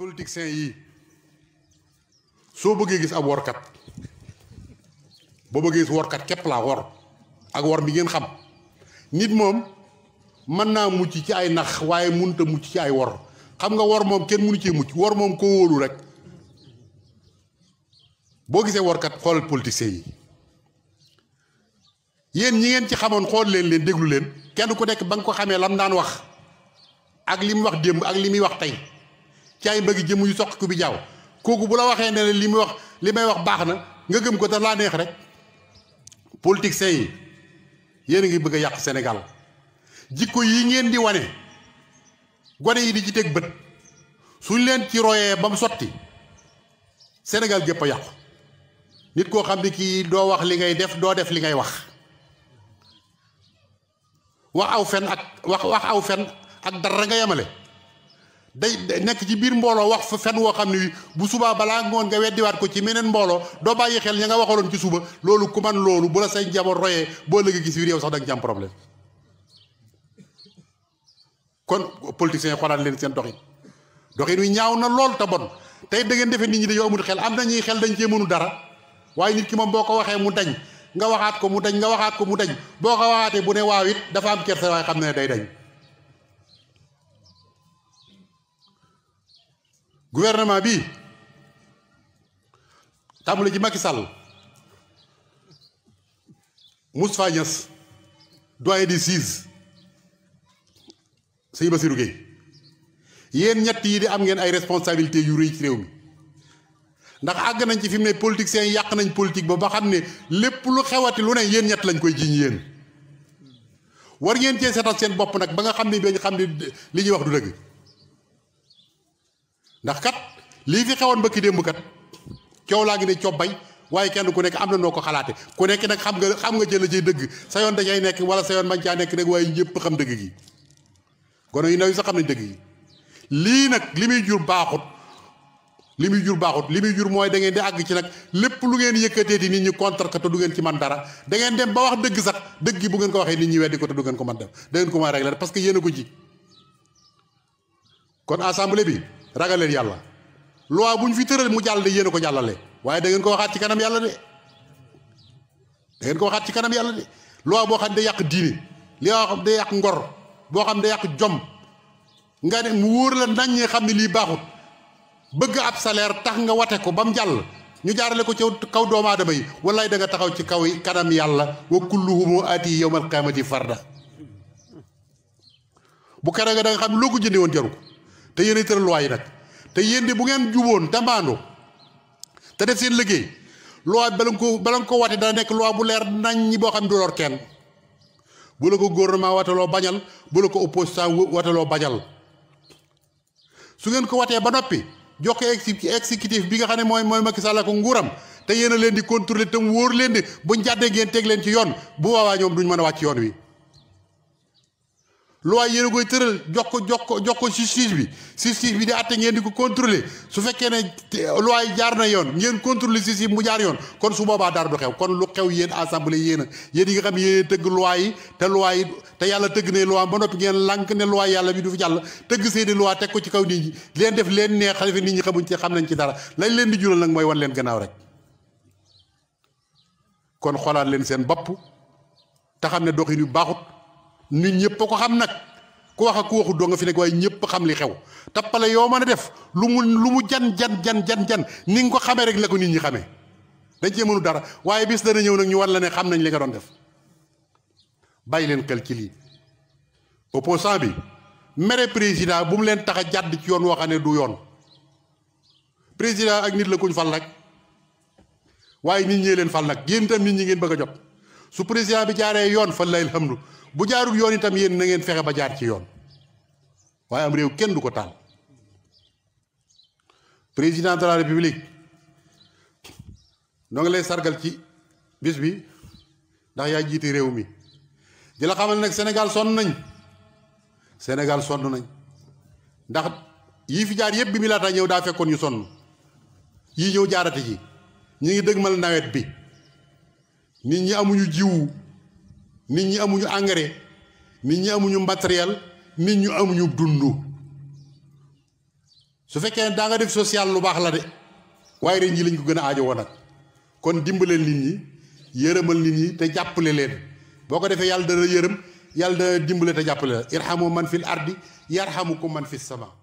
politiciens yi soo bëggee gis ab workat boo bëggee gis workat képp laa wor ak wor bi ngeen xam nit moom mën naa mucc ci ay nax waaye mënut a mucc ci ay wor xam nga wor moom kenn mënu cee mucc wor moom koo wóolu rek boo gisee workat xoolal politiciens yi yéen ñi ngeen ci xamoon xool leen leen déglu leen kenn ku nekk ba nga ko xamee lam daan wax ak li mu wax démb ak li muy wax tey ci ay mbëgg jëm yu sokku bi jaw koku bu la bahana ne limi wax limay wax baxna nga gëm ko daf la neex rek politique sey yéen ngi bëgg yaq Sénégal jikko yi ngeen di wane gone yi di ci tek bëtt suñ leen ci royé bam sotti Sénégal gépp yaq nit ko xam bi ki do wax li ngay def do def li ngay wax wax aw fen ak wax wax aw fen ak dara nga day nekk ci biir mbooloo wax fa fen woo xam ne bu subaa balaa ngoon nga weddiwaat ko ci meneen mbooloo doo bàyyi xel ña nga waxaloon ci suba loolu ku man loolu bu la say njaboot royee boo léegi gis biir yow sax da nga ci am problème kon politiciens yi xoolaat leen seen doxin doxin wi ñaaw na lool te bon tey da ngeen nit ñi dañoo amul xel am na ñuy xel dañ cee mënu dara waaye nit ki moom boo ko waxee mu dañ nga waxaat ko mu dañ nga waxaat ko mu dañ boo ko waxaatee bu ne waaw it dafa am kersa waaye xam ne day dañ gouvernement bi tàmbali ci Macky Sall Moustapha Niass doyen des juges sëñ Bassirou Gueye yéen ñett yi di am ngeen ay responsabilité yu ci réew mi ndax àgg nañ ci fi mu ne politiciens yi yàq nañ politique ba ba xam ne lépp lu xewati lu ne yéen ñett lañ koy jiñ yéen war ngeen cee seetal seen bopp nag ba nga xam ne ba ñu xam ne li ñuy wax du dëgg. ndax kat li fi xewoon bëkki démb kat coow la gi ne bay waye kenn ku nekk amna noko xalaté ku nekk nak xam nga xam nga jëla jey deug sa yoon dacay nekk wala sa yoon man caa nekk nag waye ñepp xam deug gi gono yi ndaw yi xam nañ deug gi li nak limi jur baxut limi jur baxut limi jur moy da ngeen di ag ci nak lepp lu ngeen yëkëté di nit ñi contre ko du ngeen ci man dara da ngeen dem ba wax deug sax gi bu ngeen ko waxee nit ñi wéddi ko du ngeen ko man dem da ngeen ko ma régler parce que yeen ko ji kon assemblée bi ragal yalla loi buñ fi teural mu jall de yéen ko jàllale waaye da ngeen ko waxat ci kanam yalla de da ngeen ko waxat ci kanam yalla de loi bo xam de yak diine li xam de yak ngor bo xam de yak jom nga ne mu woor la naññee xam li baxut bëgg ab salaire tax nga waté ko bam jall ñu jaarale ko ci kaw doomu aadama yi wallahi da nga taxaw ci kaw kanam yalla wa kulluhum ati yawmal qiyamati farda bu nga da nga xam lu ko jëndee te yene ay loi nak te yéen di bu ngeen djubon te mbaandu te def seen liggéey loi balang ko balang ko wati da nek loi bu leer nañ ni bo xam du lor ken bu lako ko gouvernement wateloo bañal bu lako ko opposition wateloo bañal su ngeen ko watee ba nopi joxe exécutif bi nga xane moy moy Macky Sall ko nguram te yene len di contrôler te wor len di bu ñadde ngeen tegg len ci yoon bu wawa ñom duñ mëna wacc yoon wi loi yéen a koy tëral jox ko jox ko jox ko justice bi justice bi di àtte ngeen di ko contrôler su fekkee ne loi jaar na yoon ngeen contrôler justice bi mu jaar yoon kon su boobaa dara du xew kon lu xew yéen assemblée yéen a yéen yi nga xam yéen tëgg luwaay yi te loi te yàlla tëgg ne loi ba noppi ngeen lànk ne loi yàlla bi du fi jàll tëgg seeni loi teg ko ci kaw nit ñi leen def leen neex xalifa nit ñi xamuñ ci xam nañ ci dara lañ leen di jural nag mooy wan leen gannaaw leen seen bopp te xam ne doxin yu baaxut nit ñëpp a ko xam nag ku wax ak ku waxu doo nga fi nekk waaye ñëpp xam li xew tappale yoo man a def lu mu lu mu jan jan jan jan jan ni ko xamee rek la nit ñi xamee dañ cee mënu dara waaye bis dana ñëw nag ñu war la ne xam nañ li nga doon def leen xel ci lii opposant bi mere président bu mu leen tax a jàdd ci yoon woo xam ne du yoon président ak nit la kuñ fal rek waaye nit ñee leen fal nag yéen itam nit ñi ngeen bëgg a jot su président bi jaaree yoon fa lay alhamdu bu jaarul yoon itam yéen na ngeen fexe ba jaar ci yoon waaye am réew kenn du ko taal président de la république noo ngi lay sargal ci bis bi ndax yaa jiite réew mi di xamal nag Sénégal sonn nañ Sénégal sonn nañ ndax yii fi jaar yëpp bi mi laata ñëw daa fekkoon ñu sonn yii ñëw jaarate ji ñu ngi dëgmal nawet bi nit ñi amuñu jiwu nit ñi amuñu engrais nit ñi amuñu matériel nit ñu amuñu dund su fekkee daa nga def social lu baax la de waaye ren ñi lañ ko gën a aajo woon kon dimbaleel nit ñi yërëmal nit ñi te jàppale leen boo ko defee yàlla dana yërëm yàlla dana dimbale te jàppale la irhamu man fil ardi ko man fis sama